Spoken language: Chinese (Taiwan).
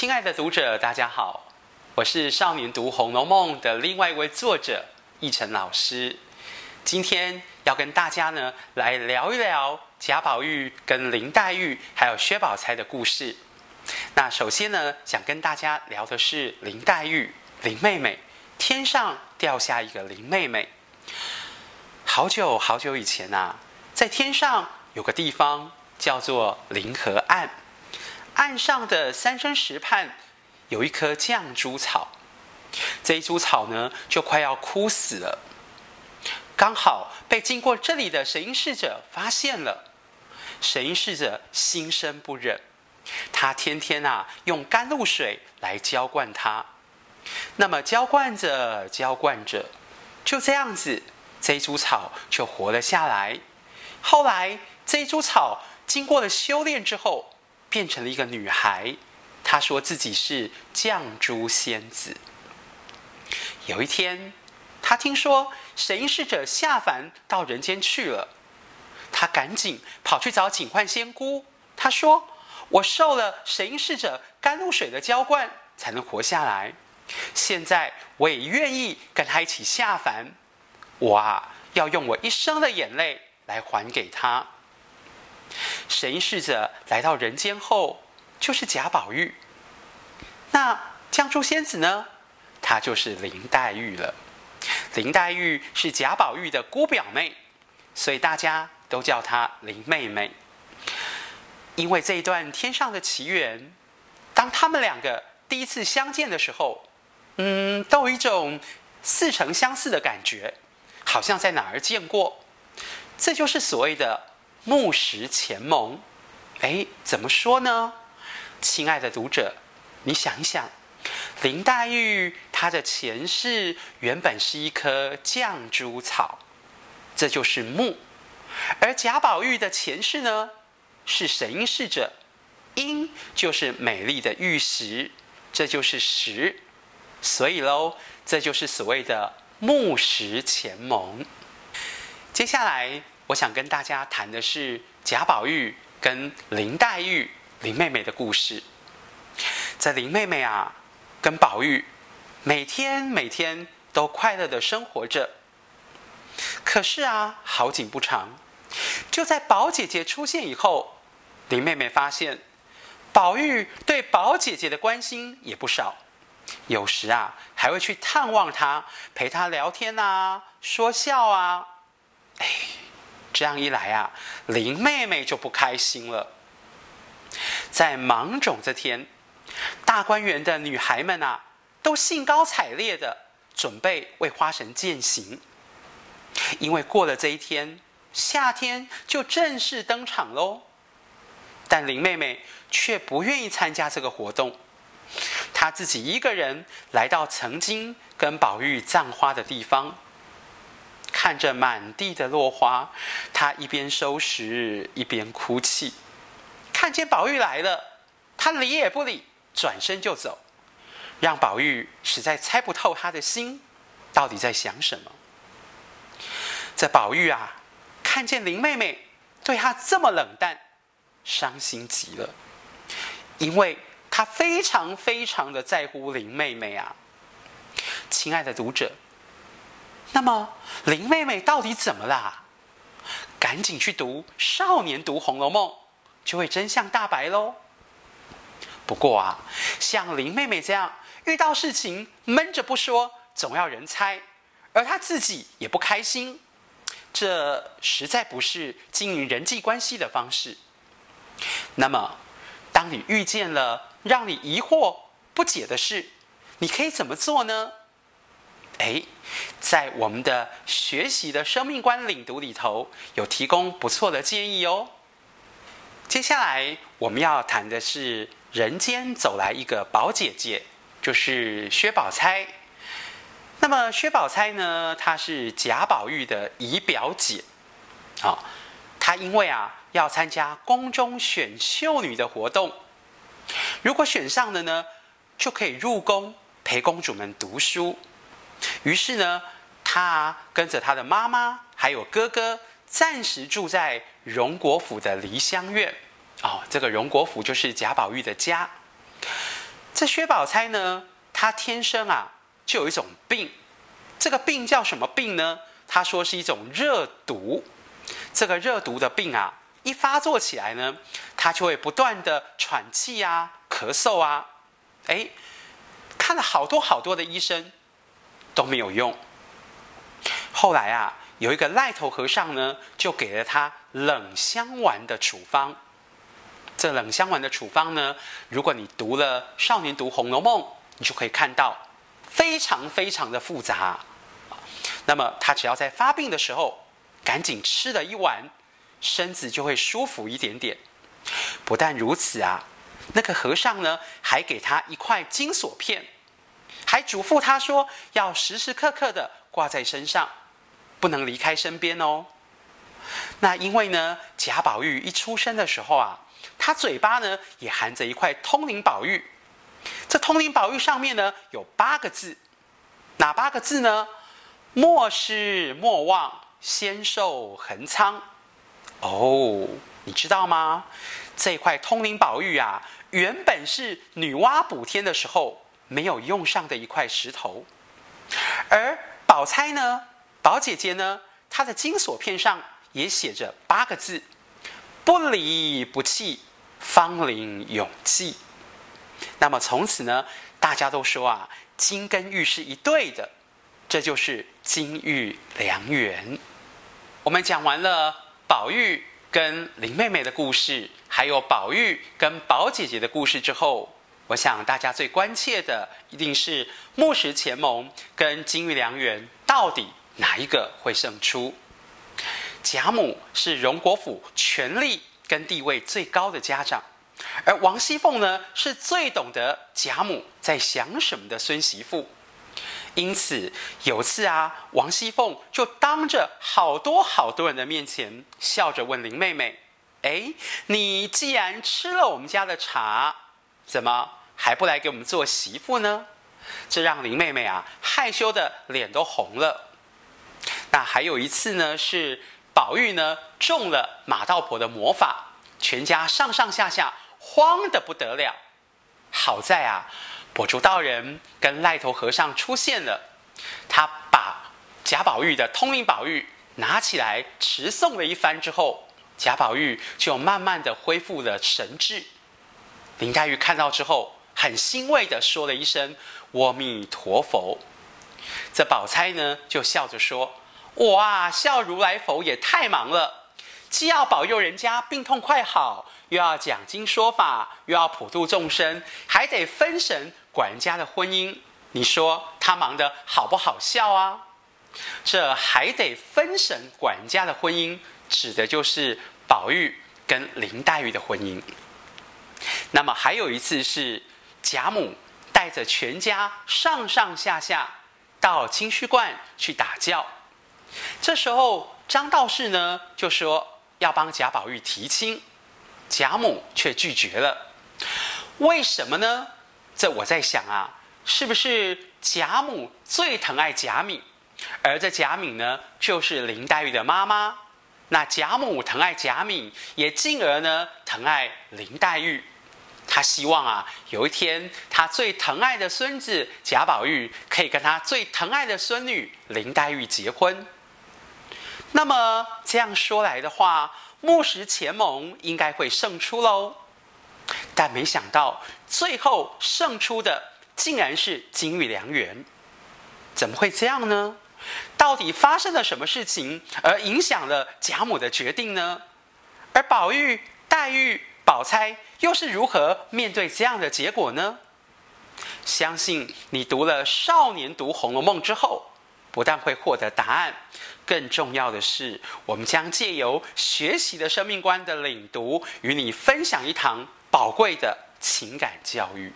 親愛的讀者，大家好，我是少年讀《紅樓夢》的另外一位作者奕成老師。今天要跟大家呢來聊一聊賈寶玉，跟林黛玉還有薛寶釵的故事。那首先呢，想跟大家聊的是林黛玉，林妹妹，天上掉下一個林妹妹。好久好久以前啊，在天上有個地方叫做靈河岸。岸上的三生石畔有一棵絳珠草，這一株草呢就快要枯死了，剛好被經過這裡的神瑛侍者發現了。神瑛侍者心生不忍，他天天啊用甘露水來澆灌它，那麼澆灌着澆灌着，就這樣子這一株草就活了下來。後來這一株草經過了修煉之後。變成了一個女孩，她說自己是絳珠仙子。有一天，她聽說神瑛侍者下凡到人間去了，她趕緊跑去找警幻仙姑。她說：“我受了神瑛侍者甘露水的澆灌，才能活下來。現在我也願意跟他一起下凡，我啊，要用我一生的眼淚來還給他。”神瑛侍者來到人間後，就是賈寶玉。那絳珠仙子呢？她就是林黛玉了。林黛玉是賈寶玉的姑表妹，所以大家都叫她林妹妹。因為這一段天上的奇緣，當他們兩個第一次相見的時候，嗯，都有一種似曾相識的感覺，好像在哪兒見過。這就是所謂的，木石前盟，哎，怎麼說呢？親愛的讀者，你想一想，林黛玉她的前世原本是一棵絳珠草，這就是木；而賈寶玉的前世呢，是神瑛侍者，瑛就是美麗的玉石，這就是石。所以嘍，這就是所謂的木石前盟。接下來。我想跟大家談的是賈寶玉跟林黛玉林妹妹的故事。在林妹妹啊跟寶玉每天每天都快樂地生活着。可是啊，好景不長，就在寶姐姐出現以後，林妹妹發現寶玉對寶姐姐的關心也不少，有時啊還會去探望她，陪她聊天啊，說笑啊，哎。這樣一來啊，林妹妹就不開心了。在芒種這天，大觀園的女孩們啊，都興高采烈的準備為花神餞行，因為過了這一天，夏天就正式登場嘍。但林妹妹卻不願意參加這個活動，她自己一個人來到曾經跟寶玉葬花的地方。看着滿地的落花，他一邊收拾一邊哭泣。看見寶玉來了，他理也不理，轉身就走，讓寶玉實在猜不透他的心到底在想什麼。這寶玉啊，看見林妹妹對他這麼冷淡，傷心極了，因為他非常非常的在乎林妹妹啊。親愛的讀者。那麼林妹妹到底怎麼啦？趕緊去讀《少年讀紅樓夢》，就會真相大白嘍。不過啊，像林妹妹這樣遇到事情悶着不說，總要人猜，而她自己也不開心，這實在不是經營人際關係的方式。那麼，當你遇見了讓你疑惑不解的事，你可以怎麼做呢？誒，在我們的學習的生命觀領讀裡頭，有提供不錯的建議哦。接下來我們要談的是《人間走來一個寶姐姐》，就是薛寶釵。那麼薛寶釵呢，她是賈寶玉的姨表姐，啊、哦，她因為啊要參加宮中選秀女的活動，如果選上了呢，就可以入宮陪公主們讀書。於是呢，他啊，跟着他的媽媽還有哥哥暫時住在榮國府的梨香院。哦，這個榮國府就是賈寶玉的家。這薛寶釵呢，她天生啊就有一種病，這個病叫什麼病呢？她說是一種熱毒。這個熱毒的病啊，一發作起來呢，她就會不斷的喘氣啊、咳嗽啊。誒，看了好多好多的醫生。都沒有用。後來啊，有一個癩頭和尚呢，就給了他冷香丸的處方。這冷香丸的處方呢，如果你讀了《少年讀紅樓夢》，你就可以看到，非常非常的複雜。那麼他只要在發病的時候，趕緊吃了一碗，身子就會舒服一點點。不但如此啊，那個和尚呢，還給他一塊金鎖片。還囑咐他說：“要時時刻刻的掛在身上，不能離開身邊哦。”那因為呢，賈寶玉一出生的時候啊，他嘴巴呢也含着一塊通靈寶玉。這通靈寶玉上面呢有八個字，哪八個字呢？“莫失莫忘，仙壽恆昌。”哦，你知道嗎？這塊通靈寶玉啊，原本是女媧補天的時候。沒有用上的一塊石頭，而寶釵呢，寶姐姐呢，她的金鎖片上也寫着八個字：“不離不棄，芳齡永繼。”那麼從此呢，大家都說啊，金跟玉是一對的，這就是金玉良緣。我們講完了寶玉跟林妹妹的故事，還有寶玉跟寶姐姐的故事之後。我想大家最關切的一定是木石前盟跟金玉良緣到底哪一個會勝出？賈母是榮國府權力跟地位最高的家長，而王熙鳳呢是最懂得賈母在想什麼的孫媳婦。因此有次啊，王熙鳳就當着好多好多人的面前笑着問林妹妹：“哎，你既然吃了我們家的茶，怎麼？”還不來給我們做媳婦呢？這讓林妹妹啊害羞的臉都紅了。那還有一次呢，是寶玉呢中了馬道婆的魔法，全家上上下下慌得不得了。好在啊，跛足道人跟癩頭和尚出現了，他把賈寶玉的通靈寶玉拿起來持誦了一番之後，賈寶玉就慢慢的恢復了神智。林黛玉看到之後，很欣慰地說了一聲“阿彌陀佛”，這寶釵呢就笑着說：“哇，笑如來佛也太忙了，既要保佑人家病痛快好，又要講經說法，又要普度眾生，還得分神管人家的婚姻。你說他忙得好不好笑啊？這還得分神管人家的婚姻，指的就是寶玉跟林黛玉的婚姻。那麼還有一次是。”賈母帶着全家上上下下到清虛觀去打醮。這時候張道士呢就說要幫賈寶玉提親，賈母卻拒絕了。為什麼呢？這我在想啊，是不是賈母最疼愛賈敏，而這賈敏呢就是林黛玉的媽媽？那賈母疼愛賈敏，也進而呢疼愛林黛玉。他希望啊，有一天他最疼愛的孫子賈寶玉可以跟他最疼愛的孫女林黛玉結婚。那麼這樣說來的話，木石前盟應該會勝出嘍。但沒想到，最後勝出的竟然是金玉良緣。怎麼會這樣呢？到底發生了什麼事情而影響了賈母的決定呢？而寶玉、黛玉，寶釵又是如何面對這樣的結果呢？相信你讀了《少年讀紅樓夢》之後，不但會獲得答案，更重要的是，我們將借由學習的生命觀的領讀，與你分享一堂寶貴的情感教育。